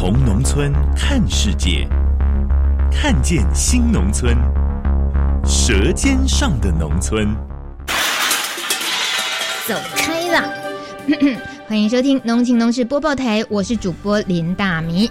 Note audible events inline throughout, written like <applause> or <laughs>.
從農村看世界，看見新農村，舌尖上的農村。走開了呵呵，歡迎收聽《農情農事》播報台，我是主播林大米。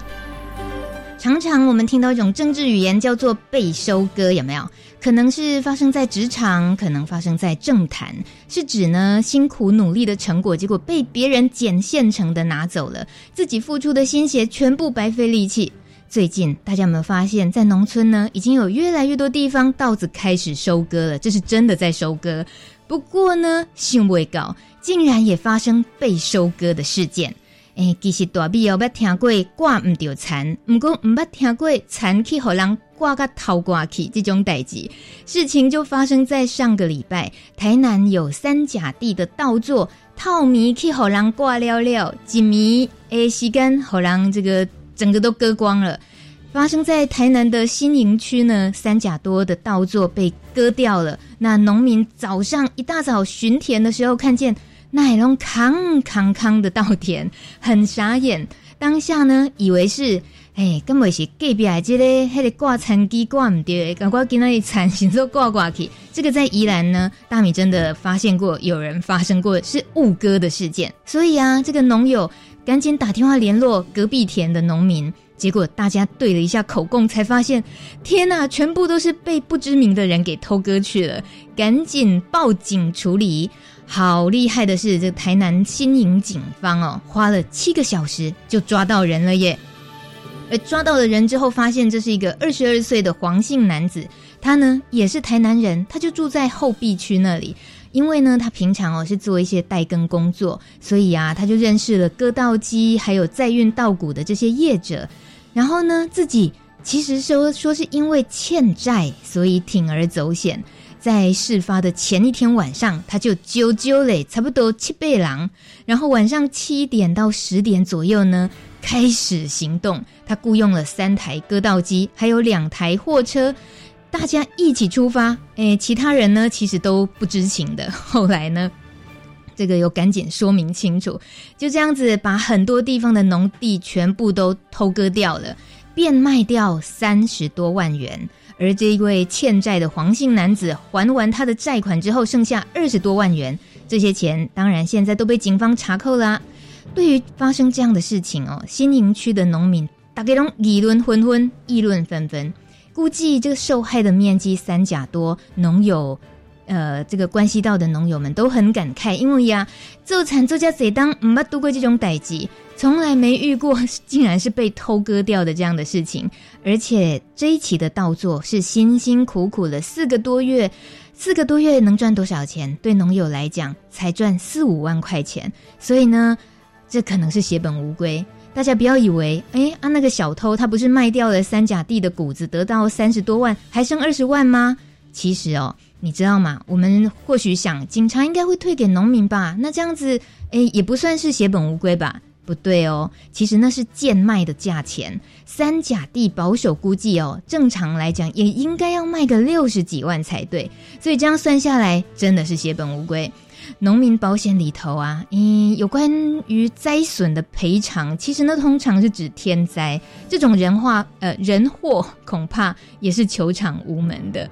常常我們聽到一種政治語言叫做“被收割”，有沒有？可能是發生在職場，可能發生在政壇，是指呢辛苦努力的成果，結果被別人撿現成的拿走了，自己付出的心血全部白費力氣。最近大家有沒有發現，在農村呢已經有越來越多地方稻子開始收割了，這是真的在收割。不過呢，新未稿竟然也發生被收割的事件。哎，其實大避要不，不聽過掛唔掉殘，唔過唔八聽過殘去予人掛個偷掛起這種代誌。事情就發生在上個禮拜。台南有三甲地的稻作套米去予人掛了了，幾米誒，一根予人這個整個都割光了。發生在台南的新營區呢，三甲多的稻作被割掉了。那農民早上一大早巡田的時候，看見。奶龍扛扛扛的稻田，很傻眼。當下呢，以為是哎、欸，根本是隔壁來這嘞、個，還得掛餐機掛唔掉，趕快給那裡餐行做掛掛去。這個在宜蘭呢，大米真的發現過有人發生過是誤割的事件。所以啊，這個農友趕緊打電話聯絡隔壁田的農民，結果大家對了一下口供，才發現，天啊，全部都是被不知名的人給偷割去了。趕緊報警處理。好厲害的是，這台南新營警方哦，花了七個小時就抓到人了耶！而抓到了人之後，發現這是一個二十二歲的黃姓男子，他呢也是台南人，他就住在後壁區那裡。因為呢，他平常哦是做一些代耕工作，所以啊，他就認識了割稻機還有載運稻穀的這些業者，然後呢，自己其實說說是因為欠債，所以鋌而走險。在事發的前一天晚上，他就揪揪了，差不多七倍狼。然後晚上七點到十點左右呢，開始行動。他僱用了三台割稻機，還有兩台貨車，大家一起出發。誒，其他人呢其實都不知情的。後來呢，這個又趕緊說明清楚，就這樣子把很多地方的農地全部都偷割掉了，變賣掉三十多萬元。而這一位欠債的黃姓男子還完他的債款之後，剩下二十多萬元，這些錢當然現在都被警方查扣啦。對於發生這樣的事情哦，新營區的農民大家都議論紛紛，議論紛紛，估計這個受害的面積三甲多農友。呃，這個關係到的農友們都很感慨，因為呀，做產做家賊當唔巴度過這種代誌，從來沒遇過，竟然是被偷割掉的這樣的事情。而且這一期的稻作是辛辛苦苦了四個多月，四個多月能賺多少錢？對農友來講，才賺四五萬塊錢，所以呢，這可能是血本無歸。大家不要以為，哎，啊那個小偷他不是賣掉了三甲地的谷子，得到三十多萬，還剩二十萬嗎？其實哦。你知道嗎？我們或許想，警察應該會退給農民吧？那這樣子，哎、欸，也不算是血本無歸吧？不對哦，其實那是賤賣的價錢。三甲地保守估計哦，正常來講也應該要賣個六十幾萬才對。所以這樣算下來，真的是血本無歸。農民保險裡頭啊，嗯、欸，有關於災損的賠償，其實呢，通常是指天災。這種人禍，呃，人禍恐怕也是求償無門的。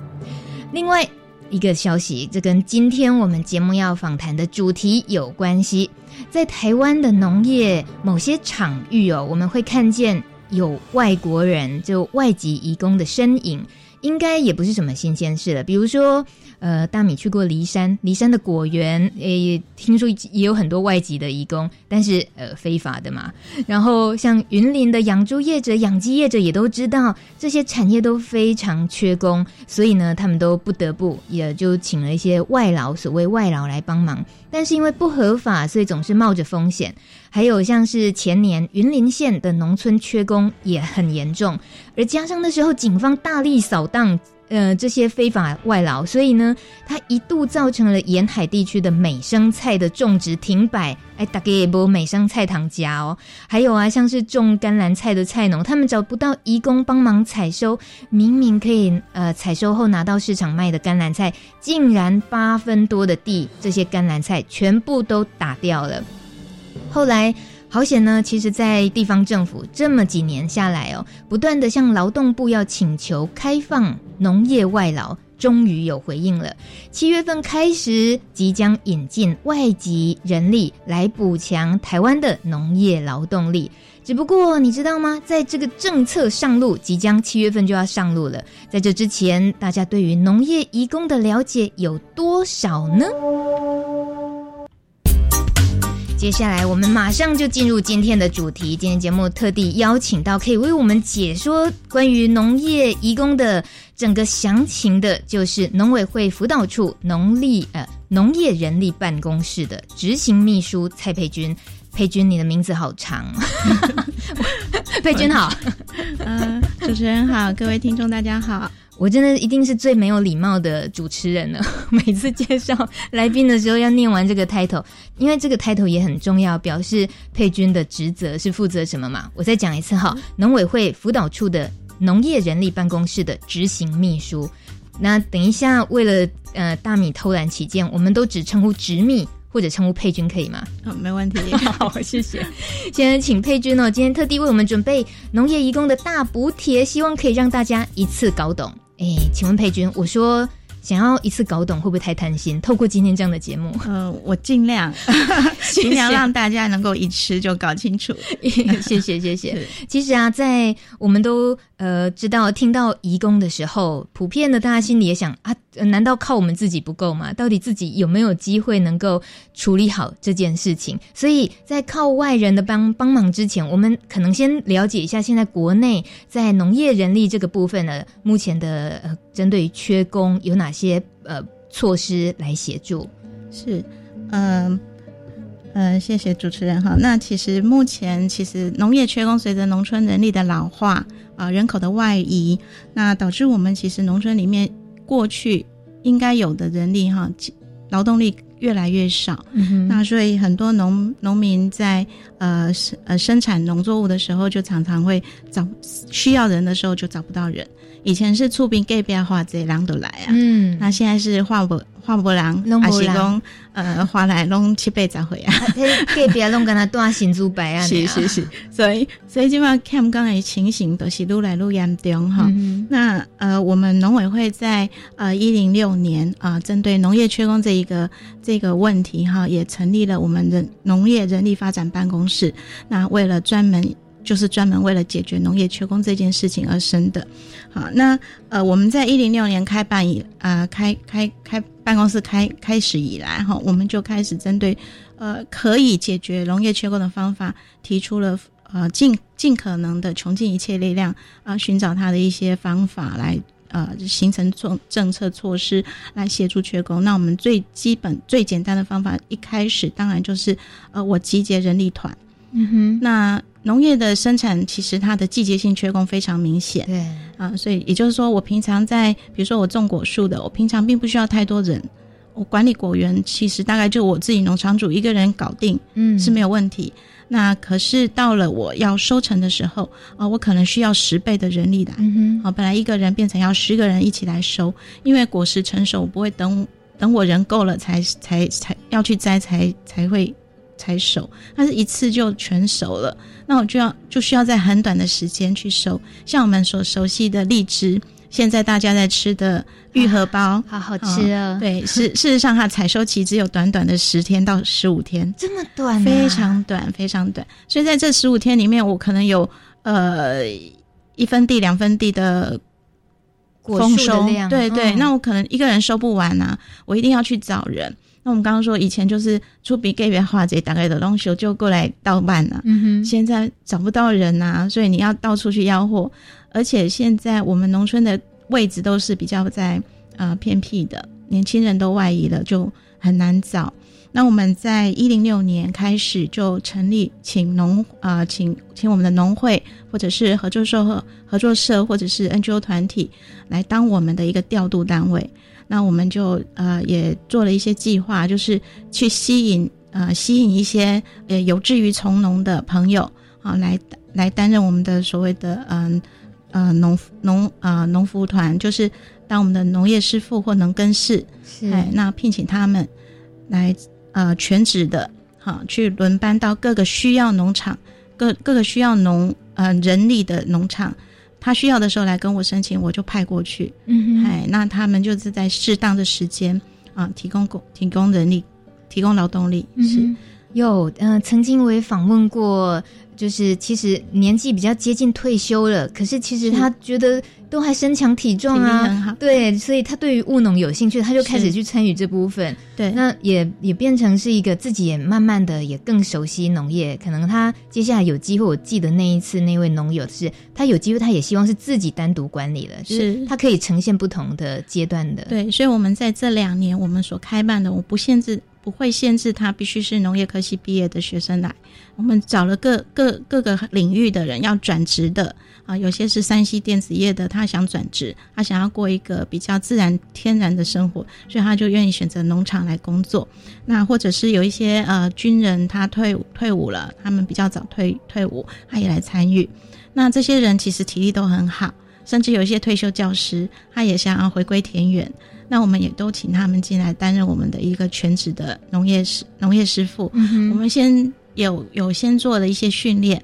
另外一個消息，這跟今天我們節目要訪談的主題有關係。在台灣的農業某些場域哦，我們會看見有外國人，就外籍移工的身影，應該也不是什麼新鮮事了。比如說。呃，大米去過梨山，梨山的果園，也聽說也有很多外籍的移工，但是呃，非法的嘛。然後像雲林的養豬業者、養雞業者也都知道，這些產業都非常缺工，所以呢，他們都不得不也就請了一些外勞，所謂外勞來幫忙，但是因為不合法，所以總是冒着風險。還有像是前年雲林縣的農村缺工也很嚴重，而加上那時候警方大力掃蕩。呃，這些非法外勞，所以呢，它一度造成了沿海地區的美生菜的種植停擺。哎，大家也不美生菜糖家哦。還有啊，像是種甘藍菜的菜農，他們找不到移工幫忙採收，明明可以呃採收後拿到市場賣的甘藍菜，竟然八分多的地，這些甘藍菜全部都打掉了。後來。保險呢？其實，在地方政府這麼幾年下來哦，不斷的向勞動部要請求開放農業外勞，終於有回應了。七月份開始，即將引進外籍人力來補強台灣的農業勞動力。只不過，你知道嗎？在這個政策上路，即將七月份就要上路了。在這之前，大家對於農業移工的了解有多少呢？接下來，我們馬上就進入今天的主題。今天節目特地邀請到可以為我們解說關於農業移工的整個詳情的，就是農委會輔導處農力，呃，農業人力辦公室的執行秘書蔡佩君。佩君，你的名字好長。 <laughs> 佩君好，嗯、 <laughs> 呃，主持人好，各位聽眾大家好。我真的一定是最沒有禮貌的主持人了。每次介紹來賓的時候要念完這個 title，因為這個 title 也很重要，表示佩君的職責是負責什麼嘛。我再講一次哈，農委會輔導處的農業人力辦公室的執行秘書。那等一下，為了呃大米偷懶起見，我們都只稱呼執秘。或者稱呼佩君可以嗎？好、哦，沒問題。好，好，謝謝。先 <laughs> 在請佩君呢、喔，今天特地為我們準備農業移工的大補帖，希望可以讓大家一次搞懂。哎、欸，請問佩君，我說。想要一次搞懂會不會太貪心？透過今天這樣的節目，呃，我盡量盡 <laughs> 謝量讓大家能夠一次就搞清楚。 <laughs> <laughs> 謝謝謝謝。是其實啊，在我們都呃知道聽到移工的時候，普遍的大家心裡也想啊，難道靠我們自己不夠嗎？到底自己有沒有機會能夠處理好這件事情？所以在靠外人的幫幫忙之前，我們可能先了解一下現在國內在農業人力這個部分呢，目前的。呃針對缺工，有哪些呃措施來協助？是，嗯、呃、嗯、呃，謝謝主持人哈。那其實目前其實農業缺工，隨着農村人力的老化啊、呃，人口的外移，那導致我們其實農村裡面過去應該有的人力哈，勞動力越來越少。嗯哼。那所以很多農農民在呃呃生產農作物的時候，就常常會找需要人的時候就找不到人。以前是厝邊隔壁這人都來啊。嗯。那現在是畫不畫不狼還是講呃花來弄七八十回啊？隔壁弄跟他斷新豬白啊。 <laughs> 是是是，所以所以這嘛看剛才情形都是越來越嚴重哈。嗯、哼那呃，我們農委會在呃一零六年啊，針、呃、對農業缺工這一個這個問題哈，也成立了我們人農業人力發展辦公室。那為了專門就是專門為了解決農業缺工這件事情而生的。好，那呃，我們在一零六年開辦以啊、呃、開開開辦公室開開始以來哈，我們就開始針對呃可以解決農業缺工的方法，提出了呃盡盡可能的窮盡一切力量啊，尋、呃、找它的一些方法來呃形成措政策措施來協助缺工。那我們最基本最簡單的方法，一開始當然就是呃我集結人力團，嗯哼，那。農業的生產其實它的季節性缺工非常明顯，對啊、呃，所以也就是說，我平常在，比如說我種果樹的，我平常並不需要太多人，我管理果園其實大概就我自己農場主一個人搞定，嗯，是沒有問題。那可是到了我要收成的時候啊、呃，我可能需要十倍的人力來，啊、嗯哼呃，本來一個人變成要十個人一起來收，因為果實成熟，我不會等等我人夠了才才才要去摘，才才會。.才熟，它是一次就全熟了，那我就要就需要在很短的時間去收。像我們所熟悉的荔枝，現在大家在吃的玉荷包、啊，好好吃啊、嗯！對，是事，事實上它採收期只有短短的十天到十五天，這麼短，非常短，非常短。所以在這十五天裡面，我可能有呃一分地兩分地的豐收，果量對，對對。哦、那我可能一個人收不完啊，我一定要去找人。那我們剛剛說，以前就是出比給別化，畫這大概的東西，就小小過來倒賣了。嗯哼，現在找不到人啊，所以你要到處去要貨。而且現在我們農村的位置都是比較在呃偏僻的，年輕人都外移了，就很難找。那我們在一零六年開始就成立請農，呃，請農啊，請請我們的農會或者是合作社，合作社或者是 NGO 團體來當我們的一個調度單位。那我們就呃也做了一些計劃，就是去吸引呃吸引一些呃有志於從農的朋友啊、哦、來來擔任我們的所謂的嗯呃，呃農農呃農服務團，就是當我們的農業師傅或農耕士，是哎，那聘請他們來呃全職的哈、哦、去輪班到各個需要農場各各個需要農呃人力的農場。他需要的時候來跟我申請，我就派過去。嗯哼那他們就是在適當的時間啊，提供工、提供人力、提供勞動力、嗯、哼是。有，嗯、呃，曾經我也訪問過，就是其實年紀比較接近退休了，可是其實他覺得都還身強體壯啊，對，所以他對於務農有興趣，他就開始去參與這部分，對，那也也變成是一個自己也慢慢的也更熟悉農業，可能他接下來有機會，我記得那一次那位農友是，他有機會他也希望是自己單獨管理了，是，是他可以呈現不同的階段的，對，所以我們在這兩年我們所開辦的，我不限制。不會限制他必須是農業科系畢業的學生來。我們找了各各各個領域的人要轉職的啊、呃，有些是 3C 電子業的，他想轉職，他想要過一個比較自然天然的生活，所以他就願意選擇農場來工作。那或者是有一些呃軍人，他退退伍了，他們比較早退退伍，他也來參與。那這些人其實體力都很好。甚至有一些退休教師，他也想要回歸田園。那我們也都請他們進來擔任我們的一個全職的農業師、農業師傅。嗯、哼我們先有有先做了一些訓練，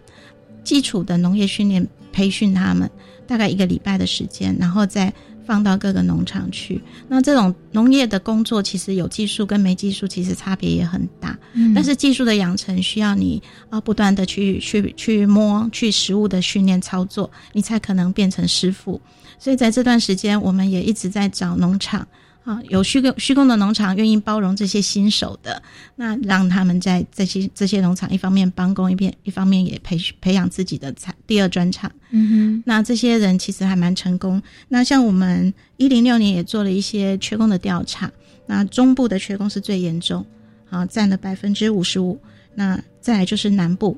基礎的農業訓練培訓他們，大概一個禮拜的時間，然後再。放到各個農場去，那這種農業的工作其實有技術跟沒技術，其實差別也很大。嗯、但是技術的養成需要你啊，不斷的去去去摸，去實務的訓練操作，你才可能變成師傅。所以在這段時間，我們也一直在找農場。啊，有虛構虛構的農場願意包容這些新手的，那讓他們在這些這些農場一方面幫工，一邊一方面也培培養自己的第二專長，嗯哼那這些人其實還蠻成功。那像我們一零六年也做了一些缺工的調查，那中部的缺工是最嚴重，啊，佔了百分之五十五。那再來就是南部，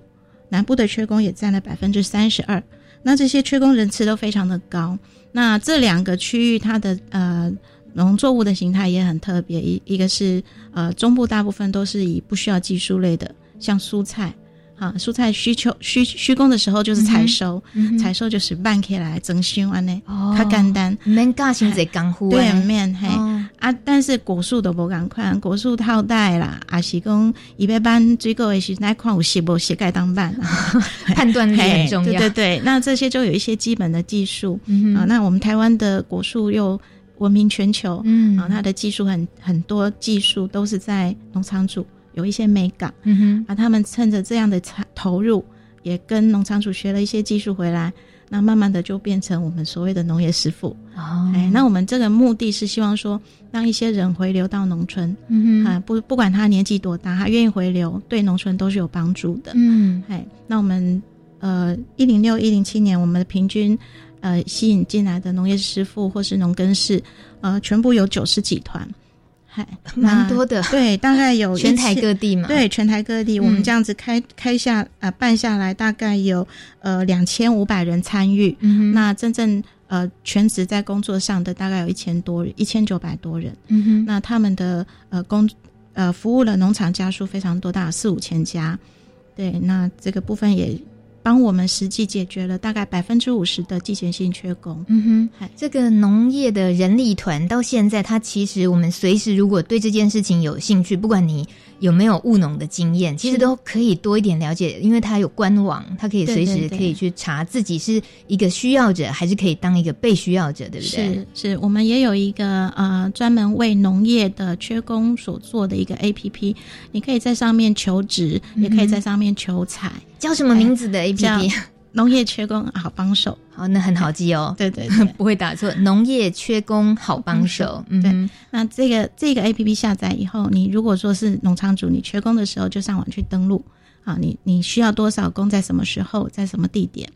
南部的缺工也佔了百分之三十二。那這些缺工人次都非常的高。那這兩個區域，它的呃。農作物的形態也很特別，一一個是呃中部大部分都是以不需要技術類的，像蔬菜，好、啊、蔬菜需求需需工的時候就是採收，採、嗯嗯、收就是半天來整修完嘞，哦，它簡單，恁個性在干乎對面嘿、哦、啊，但是果樹都不敢看，果樹套袋啦，是啊是講一百般水果的是那塊有西薄西蓋當啊判斷力很重要，對對對，那這些就有一些基本的技術、嗯、哼啊，那我們台灣的果樹又。聞名全球，嗯，啊，他的技術很很多，技術都是在農場主有一些美感，嗯哼，啊，他們趁着這樣的投入，也跟農場主學了一些技術回來，那慢慢的就變成我們所謂的農業師傅，哦。哎，那我們這個目的是希望說讓一些人回流到農村，嗯哼，啊，不不管他年紀多大，他願意回流，對農村都是有幫助的，嗯，哎，那我們呃一零六一零七年，我們的平均。呃，吸引進來的農業師傅或是農耕士，呃，全部有九十幾團，還蠻多的。對，大概有1，全台各地嘛？對，全台各地，嗯、我們這樣子開開下呃，辦下來大概有呃兩千五百人參與。嗯哼那真正呃全職在工作上的大概有一千多，一千九百多人。多人嗯哼那他們的呃工呃服務了農場家數非常多，大概四五千家。對，那這個部分也。幫我們實際解決了大概百分之五十的季節性缺工。嗯哼，嘿這個農業的人力團到現在，它其實我們隨時如果對這件事情有興趣，不管你有沒有務農的經驗？其實都可以多一點了解，因為他有官網，他可以隨時可以去查自己是一個需要者，還是可以當一個被需要者，對不對？是，是我們也有一個呃專門為農業的缺工所做的一個 APP，你可以在上面求職，嗯、哼也可以在上面求才，叫什麼名字的 APP？農業缺工好幫手，好、哦，那很好記哦。對，對對， <laughs> 不會打錯。農業缺工好幫手，嗯，對。那這個這個 A P P 下載以後，你如果說是農場主，你缺工的時候就上網去登錄。好、啊，你你需要多少工，在什麼時候，在什麼地點？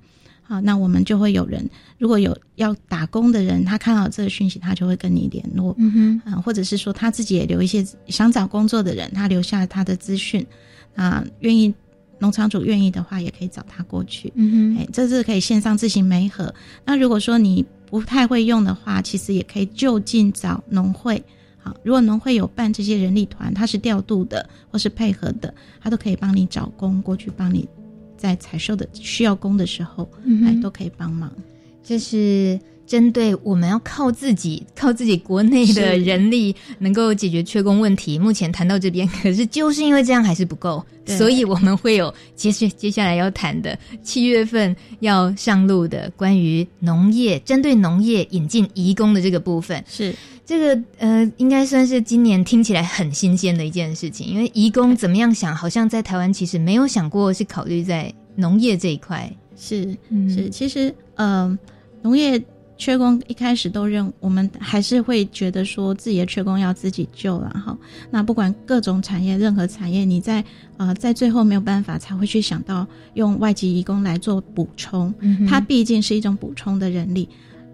好、啊，那我們就會有人，如果有要打工的人，他看到這個訊息，他就會跟你聯絡。嗯哼，啊，或者是說他自己也留一些想找工作的人，他留下他的資訊，啊，願意。農場主願意的話，也可以找他過去。嗯哼，哎，這是可以線上自行媒合。那如果說你不太會用的話，其實也可以就近找農會。好，如果農會有辦這些人力團，他是調度的或是配合的，他都可以幫你找工過去，幫你在採收的需要工的時候，嗯哼，都可以幫忙。這、就是。針對我們要靠自己，靠自己國內的人力能夠解決缺工問題。是目前談到這邊，可是就是因為這樣還是不夠，對所以我們會有接接下來要談的七月份要上路的關於農業，針對農業引進移工的這個部分。是這個呃，應該算是今年聽起來很新鮮的一件事情，因為移工怎麼樣想，好像在台灣其實沒有想過是考慮在農業這一塊。是、嗯、是，其實嗯、呃，農業。缺工一開始都認，我們還是會覺得說自己的缺工要自己救了，啊、哈。那不管各種產業、任何產業，你在呃在最後沒有辦法，才會去想到用外籍移工來做補充。嗯哼，它畢竟是一種補充的人力，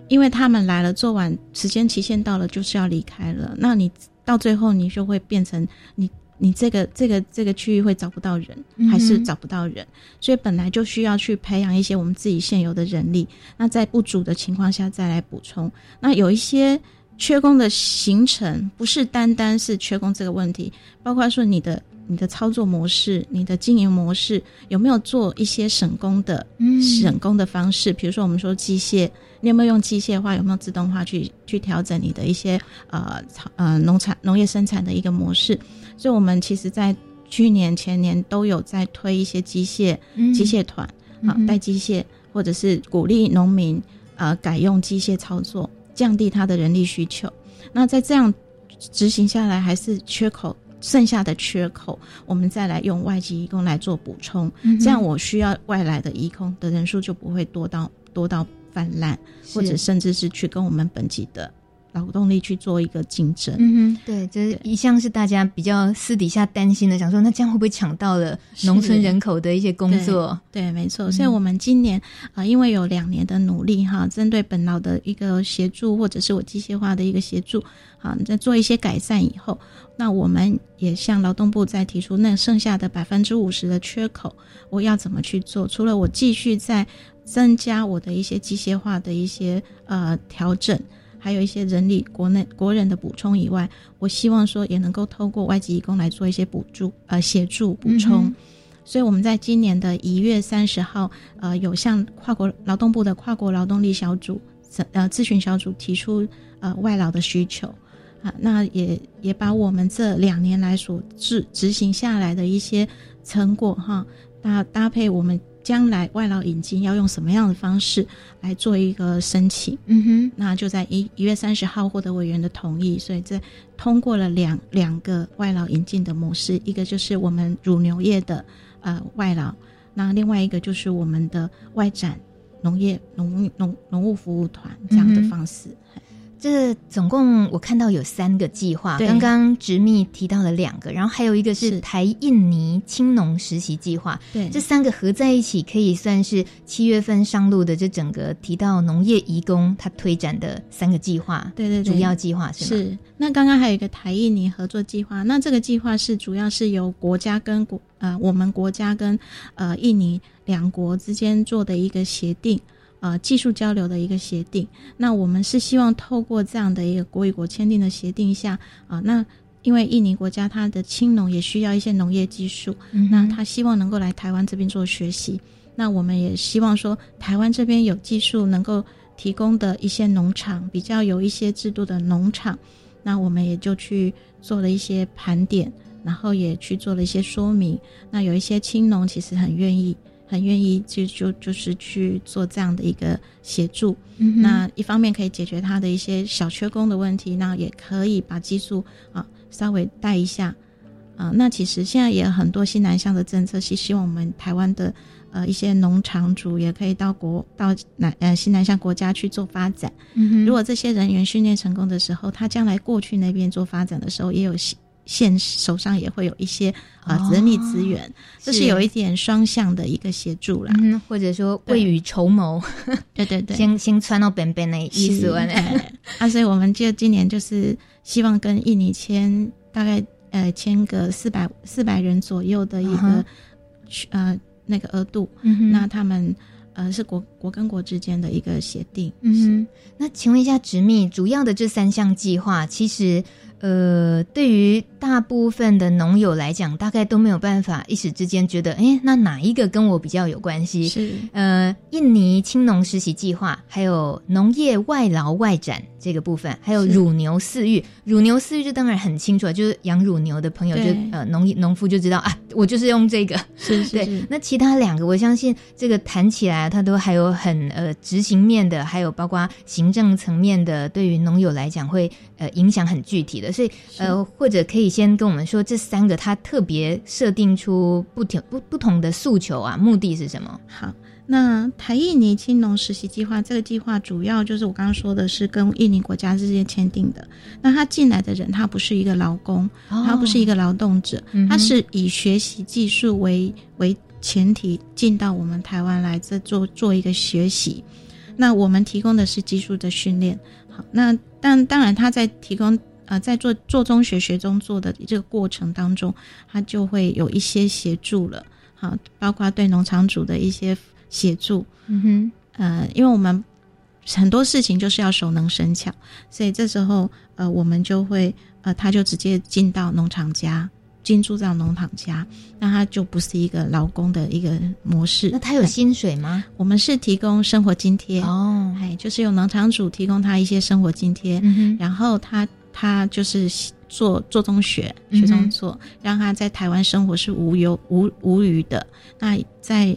因為他們來了做完，時間期限到了就是要離開了。那你到最後你就會變成你。你這個這個這個區域會找不到人，還是找不到人？嗯、哼所以本來就需要去培養一些我們自己現有的人力，那在不足的情況下再來補充。那有一些缺工的行程，不是單單是缺工這個問題，包括說你的。你的操作模式，你的經營模式有沒有做一些省工的，嗯、省工的方式？比如說，我們說機械，你有沒有用機械化？有沒有自動化去去調整你的一些呃呃農產農業生產的一個模式？所以，我們其實在去年、前年都有在推一些機械，嗯、機械團啊，帶機械，或者是鼓勵農民呃改用機械操作，降低他的人力需求。那在這樣執行下來，還是缺口。剩下的缺口，我們再來用外籍移工來做補充，嗯、哼這樣我需要外來的移工的人數就不會多到多到泛濫，是或者甚至是去跟我們本籍的勞動力去做一個競爭。嗯，對，這、就是、一項是大家比較私底下擔心的，對想說那這樣會不會搶到了農村人口的一些工作？對，對，沒錯。嗯、所以，我們今年啊、呃，因為有兩年的努力哈，針對本勞的一個協助，或者是我機械化的一個協助，好，在做一些改善以後。那我們也向勞動部再提出，那剩下的百分之五十的缺口，我要怎麼去做？除了我繼續在增加我的一些機械化的一些呃調整，還有一些人力國內國人的補充以外，我希望說也能夠透過外籍移工來做一些補助，呃，協助補充。嗯、哼所以我們在今年的一月三十號，呃，有向跨國勞動部的跨國勞動力小組呃諮、諮詢小組提出呃外勞的需求。啊，那也也把我們這兩年來所執執行下來的一些成果哈，那、啊、搭配我們將來外勞引進要用什麼樣的方式來做一個申請，嗯哼，那就在一一月三十號獲得委員的同意，所以這通過了兩兩個外勞引進的模式，一個就是我們乳牛業的呃外勞，那另外一個就是我們的外展農業農農農務服務團這樣的方式。嗯這總共我看到有三個計劃，對剛剛執秘提到了兩個，然後還有一個是台印尼青農實習計劃。對，這三個合在一起可以算是七月份上路的這整個提到農業移工他推展的三個計劃。對對對，主要計劃是。是，那剛剛還有一個台印尼合作計劃，那這個計劃是主要是由國家跟國呃我們國家跟呃印尼兩國之間做的一個協定。呃，技術交流的一個協定。那我們是希望透過這樣的一個國與國簽訂的協定下，啊、呃，那因為印尼國家它的青農也需要一些農業技術，嗯、哼那他希望能夠來台灣這邊做學習。那我們也希望說，台灣這邊有技術能夠提供的一些農場，比較有一些制度的農場，那我們也就去做了一些盤點，然後也去做了一些說明。那有一些青農其實很願意。很願意就就就是去做這樣的一個協助，嗯、哼那一方面可以解決他的一些小缺工的問題，那也可以把技術啊稍微帶一下啊。那其實現在也有很多新南向的政策是希望我們台灣的呃一些農場主也可以到國到南呃新南向國家去做發展。嗯、哼如果這些人員訓練成功的時候，他將來過去那邊做發展的時候也有。現手上也會有一些啊人力資源，哦、是這是有一點雙向的一個協助啦，嗯、或者說未雨綢繆。對，對對對， <laughs> 先先穿到邊邊的意思。 <laughs> 啊，所以我們就今年就是希望跟印尼簽大概呃簽個四百四百人左右的一個、嗯、哼呃那個額度。嗯、哼那他們呃是國。國跟國之間的一個協定，嗯哼。那請問一下執，執秘主要的這三項計劃，其實呃，對於大部分的農友來講，大概都沒有辦法一時之間覺得，哎，那哪一個跟我比較有關係？是呃，印尼青農實習計劃，還有農業外勞外展這個部分，還有乳牛飼育。是乳牛飼育就當然很清楚，就是養乳牛的朋友就對呃，農農夫就知道啊，我就是用這個。是是,是對。那其他兩個，我相信這個談起來，他都還有。很呃，執行面的，還有包括行政層面的，對於農友來講會，會呃影響很具體的。所以是呃，或者可以先跟我們說，這三個他特別設定出不同不不，不同的訴求啊，目的是什麼？好，那台印尼青農實習計劃這個計劃主要就是我剛剛說的，是跟印尼國家之間簽訂的。那他進來的人，他不是一個勞工，哦、他不是一個勞動者，嗯、哼他是以學習技術為為。前提進到我們台灣來，這做做一個學習，那我們提供的是技術的訓練。好，那當當然他在提供呃在做做中學學中做的這個過程當中，他就會有一些協助了。好，包括對農場主的一些協助。嗯哼，呃，因為我們很多事情就是要熟能生巧，所以這時候呃，我們就會呃，他就直接進到農場家。進駐到農場家，那他就不是一個勞工的一個模式。那他有薪水嗎、嗯？我們是提供生活津貼哦、哎，就是有農場主提供他一些生活津貼，嗯、哼然後他他就是做做中學，學中做，嗯、哼讓他在台灣生活是無憂無無餘的。那在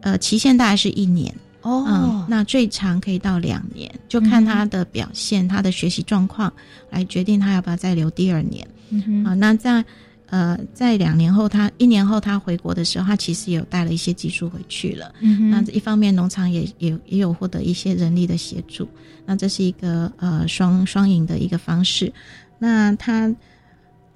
呃，期限大概是一年哦、呃，那最長可以到兩年，就看他的表現，嗯、哼他的學習狀況來決定他要不要再留第二年。好、嗯哼啊，那在。呃，在兩年後他，他一年後他回國的時候，他其實也有帶了一些技術回去了。嗯哼。那這一方面，農場也也也有獲得一些人力的協助。那這是一個呃雙雙贏的一個方式。那他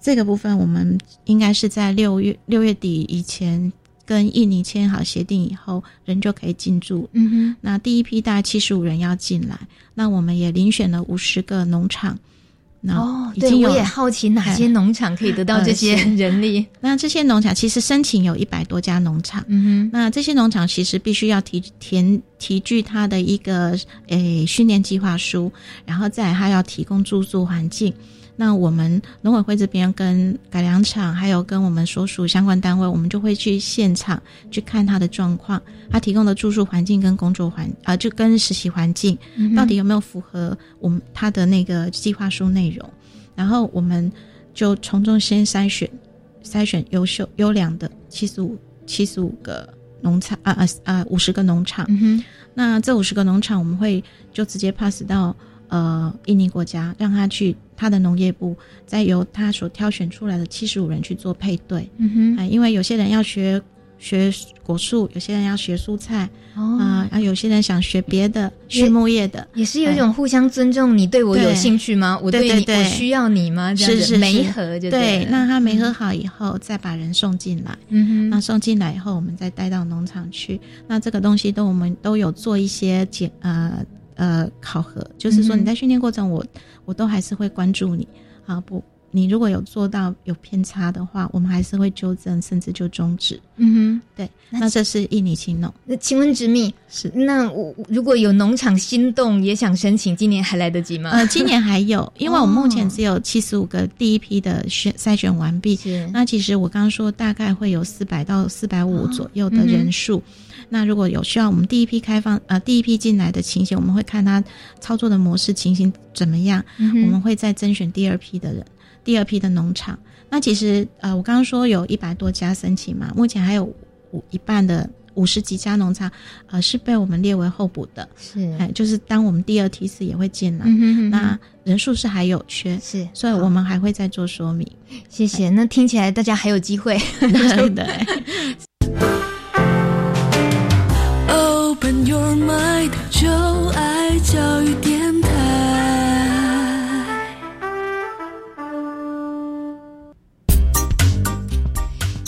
這個部分，我們應該是在六月六月底以前跟印尼簽好協定以後，人就可以進駐。嗯哼。那第一批大概七十五人要進來，那我們也遴選了五十個農場。No, 哦，對，我也好奇哪些農場可以得到這些人力。那這些農場其實申請有一百多家農場，嗯哼，那這些農場其實必須要提填提具他的一個誒訓練計劃書，然後再還要提供住宿環境。那我們農委會這邊跟改良場，還有跟我們所屬相關單位，我們就會去現場去看他的狀況，他提供的住宿環境跟工作環啊、呃，就跟實習環境到底有沒有符合我們他的那個計劃書內容？嗯、哼然後我們就從中先篩選，篩選優秀優良的七十五七十五個農場啊啊啊五十個農場。那這五十個農場，我們會就直接 pass 到呃印尼國家，讓他去。他的農業部再由他所挑選出來的七十五人去做配對，嗯哼，啊，因為有些人要學學果樹，有些人要學蔬菜，哦啊，有些人想學別的畜牧業的，也是有一種互相尊重，你對我有興趣嗎？我對你，我需要你嗎？是是，媒合就對，那他媒合好以後再把人送進來，嗯哼，那送進來以後我們再帶到農場去，那這個東西都我們都有做一些檢，呃。呃，考核就是說你在訓練過程我，我、嗯、哼我都還是會關注你啊。不，你如果有做到有偏差的話，我們還是會糾正，甚至就終止。嗯哼，對。那，請那這是印尼青農。那請問執秘是？那我我如果有農場心動也想申請，今年還來得及嗎？呃，今年還有，因為我目前只有七十五個第一批的選、哦、篩選完畢。是那其實我剛剛說大概會有四百到四百五左右的人數。哦嗯那如果有需要，我們第一批開放，呃，第一批進來的情形，我們會看他操作的模式情形怎麼樣，嗯、哼我們會再甄選第二批的人，第二批的農場。那其實，呃，我剛剛說有一百多家申請嘛，目前還有五一半的五十幾家農場，呃，是被我們列為候補的，是，哎、欸，就是當我們第二梯次也會進來、啊，嗯哼嗯哼，那人數是還有缺，是，所以我們還會再做說明。謝謝。欸、那聽起來大家還有機會，那就 <laughs> 對。 <laughs> When you're mine，就愛愛教育電台。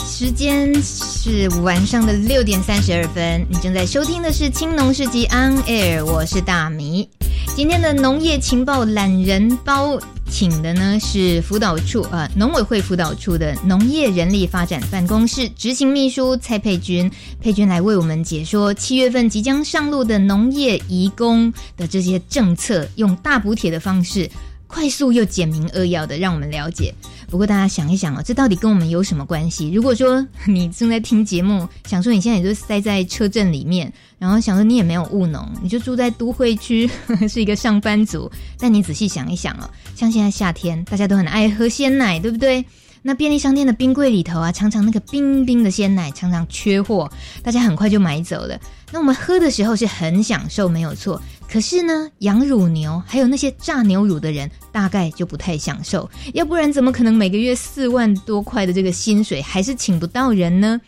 時間是晚上的六點三十二分，你正在收聽的是青農市集 On Air，我是大米。今天的農業情報懶人包。請的呢是輔導處，呃，農委會輔導處的農業人力發展辦公室執行秘書蔡佩君，佩君來為我們解說七月份即將上路的農業移工的這些政策，用大補帖的方式，快速又簡明扼要的讓我們了解。不過大家想一想哦，這到底跟我們有什麼關係？如果說你正在聽節目，想說你現在也就是塞在車陣裡面，然後想說你也沒有務農，你就住在都會區，是一個上班族，但你仔細想一想哦，像現在夏天，大家都很愛喝鮮奶，對不對？那便利商店的冰櫃裡頭啊，常常那個冰冰的鮮奶，常常缺貨，大家很快就買走了。那我們喝的時候是很享受，沒有錯。可是呢，養乳牛還有那些榨牛乳的人，大概就不太享受。要不然怎麼可能每個月四萬多塊的這個薪水，還是請不到人呢？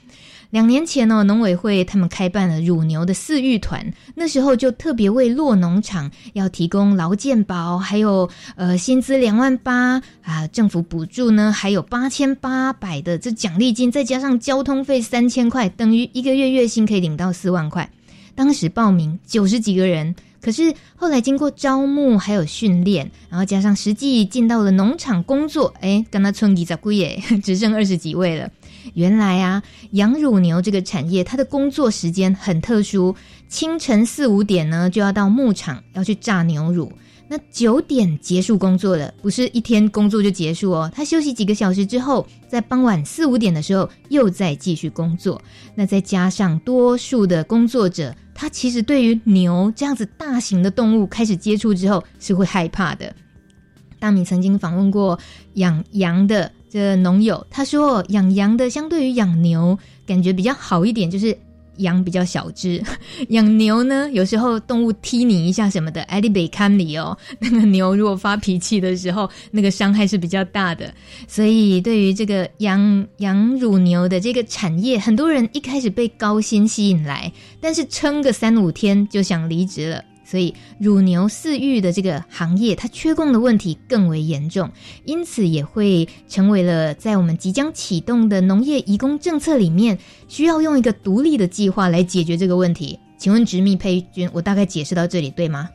兩年前呢、哦，農委會他們開辦了乳牛的飼育團，那時候就特別為酪農場要提供勞健保，還有呃薪資兩萬八啊，政府補助呢，還有八千八百的這獎勵金，再加上交通費三千塊，等於一個月月薪可以領到四萬塊。當時報名九十幾個人。可是後來經過招募，還有訓練，然後加上實際進到了農場工作，誒剛那村裡咋貴耶？只剩二十幾位了。原來啊，養乳牛這個產業，它的工作時間很特殊，清晨四五點呢，就要到牧場，要去榨牛乳。那九點結束工作的，不是一天工作就結束哦，他休息幾個小時之後，在傍晚四五點的時候又再繼續工作。那再加上多數的工作者，他其實對於牛這樣子大型的動物開始接觸之後是會害怕的。大米曾經訪問過養羊的這農友，他說養羊的相對於養牛感覺比較好一點，就是。羊比較小隻，養牛呢，有時候動物踢你一下什麼的，艾利貝堪里哦，那個牛如果發脾氣的時候，那個傷害是比較大的，所以對於這個養養乳牛的這個產業，很多人一開始被高薪吸引來，但是撐個三五天就想離職了。所以，乳牛飼育的這個行業，它缺工的問題更為嚴重，因此也會成為了在我們即將啟動的農業移工政策裡面，需要用一個獨立的計劃來解決這個問題。請問執秘佩君，我大概解釋到這裡對嗎？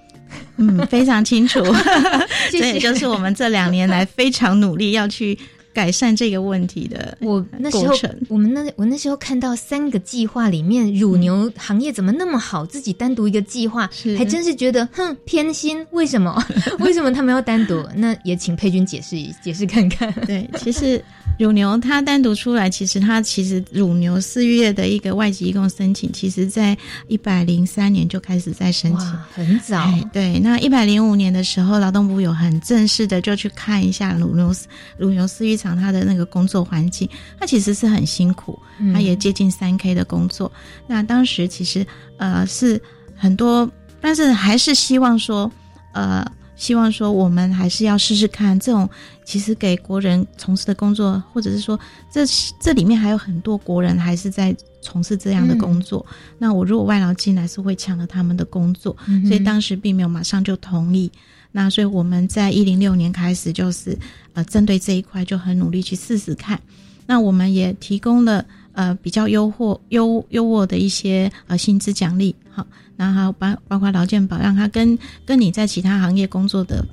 嗯，非常清楚， <laughs> 謝謝 <laughs> 所以就是我們這兩年來非常努力要去。改善這個問題的過程，我那時候，我們那我那時候看到三個計劃裡面，乳牛行業怎麼那麼好，自己單獨一個計劃，是還真是覺得，哼，偏心，為什麼？為什麼他們要單獨？ <laughs> 那也請佩君解釋一解釋看看。對，其實。 <laughs> 乳牛它單獨出來，其實它其實乳牛四月的一個外籍一工申請，其實在一百零三年就開始在申請，很早、哎。對，那一百零五年的時候，勞動部有很正式的就去看一下乳牛乳牛飼育場它的那個工作環境，它其實是很辛苦，它也接近三 K 的工作。嗯、那當時其實呃是很多，但是還是希望說呃。希望說我們還是要試試看這種，其實給國人從事的工作，或者是說這，這這裡面還有很多國人還是在從事這樣的工作。嗯、那我如果外勞進來是會搶了他們的工作，嗯、哼所以當時並沒有馬上就同意。那所以我們在一零六年開始就是，呃，針對這一塊就很努力去試試看。那我們也提供了。呃，比較優厚、優優渥的一些呃薪資獎勵，好，然後還有包包括勞健保讓它，讓他跟跟你在其他行業工作的。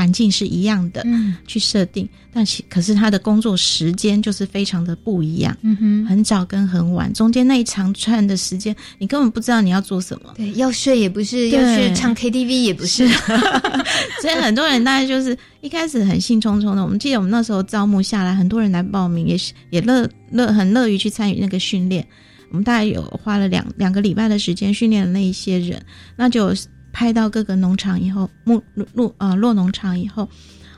環境是一樣的，嗯、去設定，但是可是他的工作時間就是非常的不一樣，嗯、哼很早跟很晚，中間那一長串的時間，你根本不知道你要做什麼，對，要睡也不是，對要去唱 KTV 也不是，是 <laughs> 所以很多人大家就是一開始很興沖沖的，我們記得我們那時候招募下來，很多人來報名，也是也樂樂很樂於去參與那個訓練，我們大概有花了兩兩個禮拜的時間訓練的那一些人，那就。派到各個農場以後，木，牧、呃、落農場以後，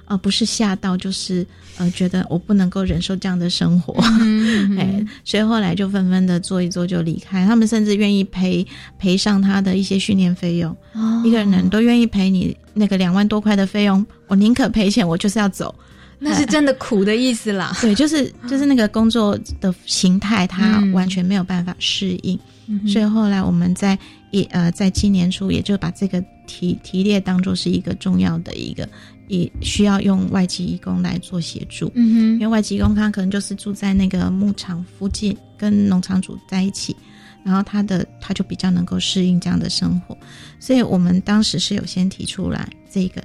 啊、呃，不是嚇到，就是呃，覺得我不能夠忍受這樣的生活，哎、嗯嗯欸，所以後來就紛紛的做一做就離開。他們甚至願意賠賠上他的一些訓練費用，哦、一個人都願意賠你那個兩萬多塊的費用，我寧可賠錢，我就是要走。嗯、那是真的苦的意思啦。對，就是就是那個工作的形態，他完全沒有辦法適應，嗯、所以後來我們在一呃，在今年初也就把這個提提列當做是一個重要的一個，也需要用外籍移工來做協助。嗯哼，因為外籍移工他可能就是住在那個牧場附近，跟農場主在一起。然後他的他就比較能夠適應這樣的生活，所以我們當時是有先提出來這個。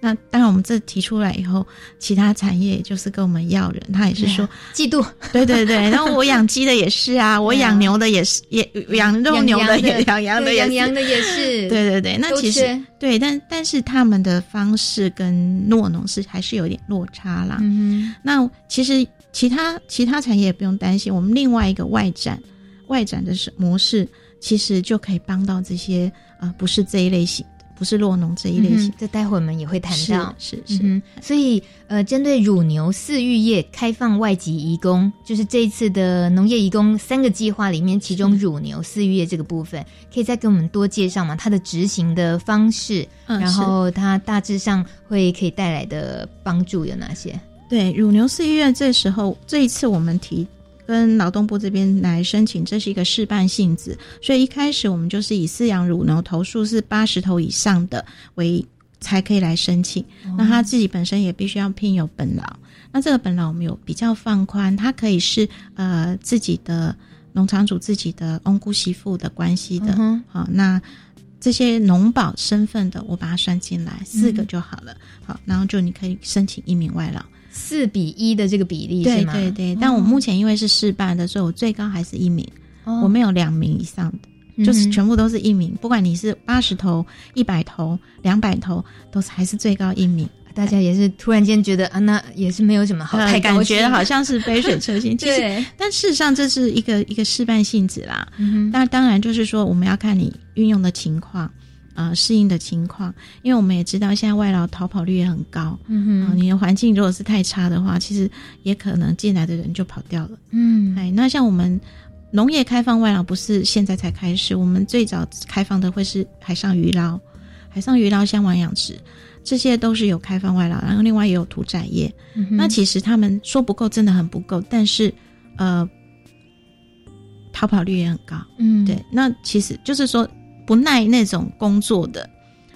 那當然，我們這提出來以後，其他產業就是跟我們要人，他也是說、啊、嫉妒。 <laughs> 對對對，然後我養雞的也是啊，啊我養牛的也是，也養肉牛的也養羊、羊的，養羊、羊的也是。對，羊羊也是對對對，那其實吃對，但但是他們的方式跟酪農是還是有一點落差啦。嗯哼，那其實其他其他產業也不用擔心，我們另外一個外展。外展的是模式，其實就可以幫到這些啊、呃，不是這一類型，不是酪農這一類型。嗯、這待會我們也會談到，是是，是、嗯。所以呃，針對乳牛飼育業開放外籍移工，就是這一次的農業移工三個計劃裡面，其中乳牛飼育業這個部分，是可以再給我們多介紹嗎？它的執行的方式，嗯、然後它大致上會可以帶來的幫助有哪些？對，乳牛飼育業這時候這一次我們提。跟勞動部這邊來申請，這是一個試辦性質，所以一開始我們就是以飼養乳牛頭數是八十頭以上的為才可以來申請。哦、那他自己本身也必須要聘有本勞，那這個本勞我們有比較放寬，它可以是呃自己的農場主自己的翁姑媳婦的關係的，嗯哼，好那。這些農保身份的，我把它算進來，四個就好了。嗯、好，然後就你可以申請一名外勞，四比一的這個比例是嗎？對對對。但我目前因為是試辦的，所以我最高還是一名，哦、我沒有兩名以上的，哦、就是全部都是一名，嗯、哼不管你是八十頭、一百頭、兩百頭，都是還是最高一名。大家也是突然間覺得啊，那也是沒有什麼好太感，覺好像是杯水車薪， <laughs> 對其實，但事實上這是一個一個試辦性質啦。那、嗯、哼當然就是說，我們要看你運用的情況啊，適、呃、應的情況。因為我們也知道，現在外勞逃跑率也很高。嗯哼，你的環境如果是太差的話，其實也可能進來的人就跑掉了。嗯，哎，那像我們農業開放外勞不是現在才開始，我們最早開放的會是海上魚撈，海上魚撈、箱網養殖。這些都是有開放外勞，然後另外也有屠宰業。嗯、哼那其實他們說不夠，真的很不夠。但是，呃，逃跑率也很高。嗯，對。那其實就是說不耐那種工作的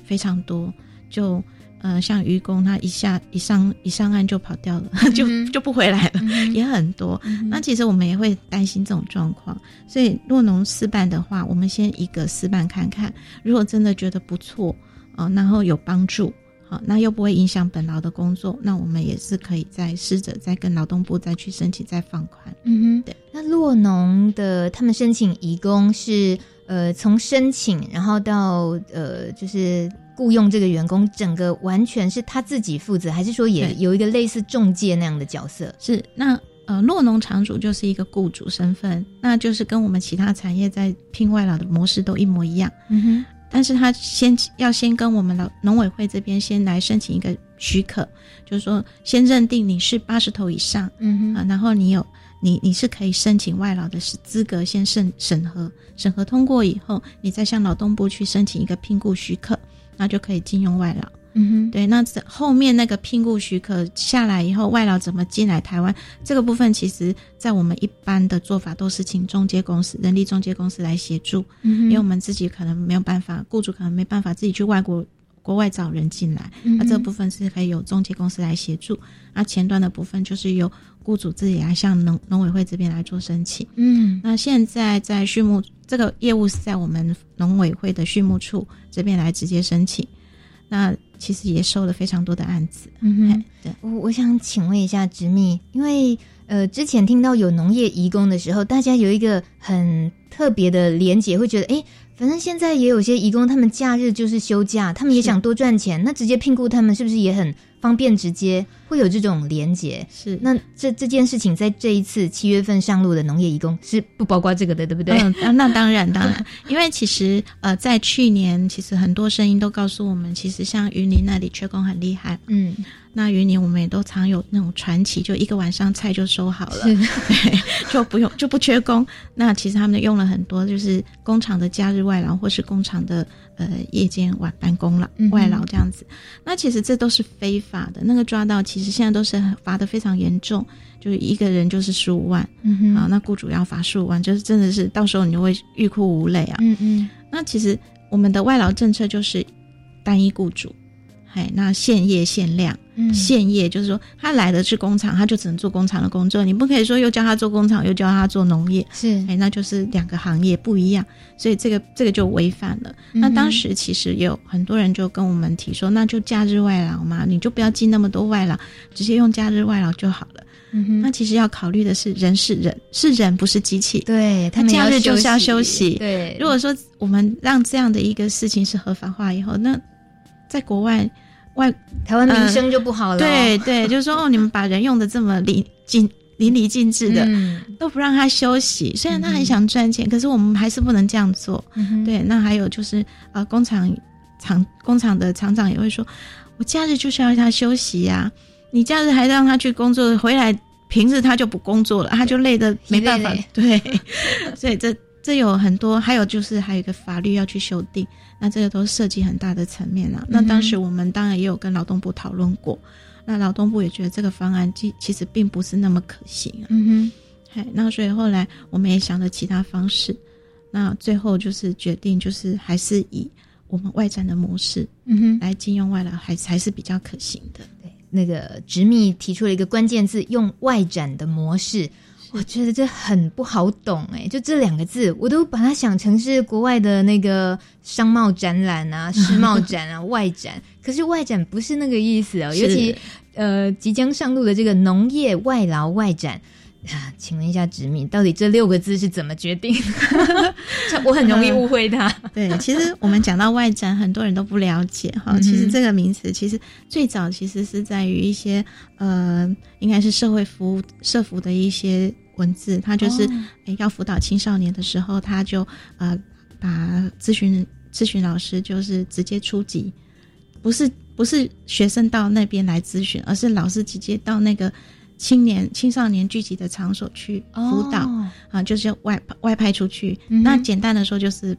非常多。就呃，像漁工他一下一上一上岸就跑掉了，嗯、哼 <laughs> 就就不回來了，嗯、哼也很多。嗯、哼那其實我們也會擔心這種狀況。所以若農試辦的話，我們先一個試辦看看。如果真的覺得不錯啊、呃，然後有幫助。那又不會影響本勞的工作，那我們也是可以再試着再跟勞動部再去申請再放寬。嗯哼，對。那酪農的，他們申請移工是呃從申請然後到呃，就是雇用這個員工，整個完全是他自己負責，還是說也有一個類似中介那樣的角色？是，那呃酪農場主就是一個雇主身份，那就是跟我們其他產業在聘外勞的模式都一模一樣。嗯哼。但是他先要先跟我們老農委會這邊先來申請一個許可，就是說先認定你是八十頭以上，嗯哼啊，然後你有你你是可以申請外勞的資格先審審核，審核通過以後，你再向勞動部去申請一個聘雇許可，那就可以進用外勞。嗯哼，對，那這後面那個聘僱許可下來以後，外勞怎麼進來台灣？這個部分其實，在我們一般的做法都是請中介公司、人力中介公司來協助，嗯哼，因為我們自己可能沒有辦法，雇主可能沒辦法自己去外國、國外找人進來。嗯哼，那這個部分是可以由中介公司來協助。嗯哼，那前端的部分就是由雇主自己來向農農委會這邊來做申請。嗯，那現在在畜牧這個業務是在我們農委會的畜牧處這邊來直接申請。那其實也收了非常多的案子。嗯哼，嘿對，我我想請問一下執秘，因為呃，之前聽到有農業移工的時候，大家有一個很特別的連結，會覺得，哎，反正現在也有些移工，他們假日就是休假，他們也想多賺錢，是那直接聘雇他們是不是也很？方便，直接會有這種連結，是那這這件事情在這一次七月份上路的農業移工是不包括這個的，對不對？嗯，那當然當然，因為其實呃，在去年其實很多聲音都告訴我們，其實像雲林那裡缺工很厲害，嗯，那雲林我們也都常有那種傳奇，就一個晚上菜就收好了，的對，就不用就不缺工。那其實他們用了很多就是工廠的假日外勞或是工廠的。呃，夜間晚班工了，外勞這樣子，嗯、哼那其實這都是非法的。那個抓到，其實現在都是罰的非常嚴重，就是一個人就是十五萬，啊、嗯哼，那雇主要罰十五萬，就是真的是到時候你就會欲哭無淚啊。嗯嗯，那其實我們的外勞政策就是單一雇主。哎，那限業限量，限業、嗯、限業就是說他來的是工廠，他就只能做工廠的工作。你不可以說又叫他做工廠，又叫他做農業。是，哎，那就是兩個行業不一樣，所以這個這個就違反了。嗯、哼那當時其實有很多人就跟我們提說，那就假日外勞嘛，你就不要進那麼多外勞，直接用假日外勞就好了。嗯、哼那其實要考慮的是人是人，是人不是機器。對，他，他假日就是要休息。對，如果說我們讓這樣的一個事情是合法化以後，那在國外。外台灣名聲就不好了，嗯。對對，就說哦，你們把人用的這麼淋盡淋漓盡致的。嗯、都不讓他休息。雖然他很想賺錢，嗯、哼可是我們還是不能這樣做。嗯、哼對，那還有就是啊、呃，工廠廠工廠的廠長也會說，我假日就是要他休息呀，啊，你假日還讓他去工作，回來平日他就不工作了。對啊、他就累的沒辦法。對，對，對，對 <laughs> 所以這這有很多，還有就是還有一個法律要去修訂。那這個都涉及很大的層面了。嗯、哼那當時我們當然也有跟勞動部討論過，那勞動部也覺得這個方案其其實並不是那麼可行、啊。嗯哼，那所以後來我們也想了其他方式，那最後就是決定就是還是以我們外展的模式，嗯哼，來進用外勞還還是比較可行的。嗯、對，那個執秘提出了一個關鍵字，用外展的模式。我覺得這很不好懂哎、欸，就這兩個字，我都把它想成是國外的那個商貿展覽啊、世貿展啊、外展。 <laughs> 可是外展不是那個意思哦，是尤其呃，即將上路的這個農業外勞外展，啊、請問一下執秘，到底這六個字是怎麼決定的？ <laughs> 我很容易誤會它、 <laughs> 嗯。對，其實我們講到外展，很多人都不了解哈。其實這個名詞，其實最早其實是在於一些呃，應該是社會服務、社服的一些。文字，他就是、oh. 要輔導青少年的時候，他就呃把諮詢諮詢老師就是直接出擊，不是不是學生到那邊來諮詢，而是老師直接到那個青年青少年聚集的場所去輔導啊、oh. 呃，就是要外外派出去。Mm hmm. 那簡單的說就是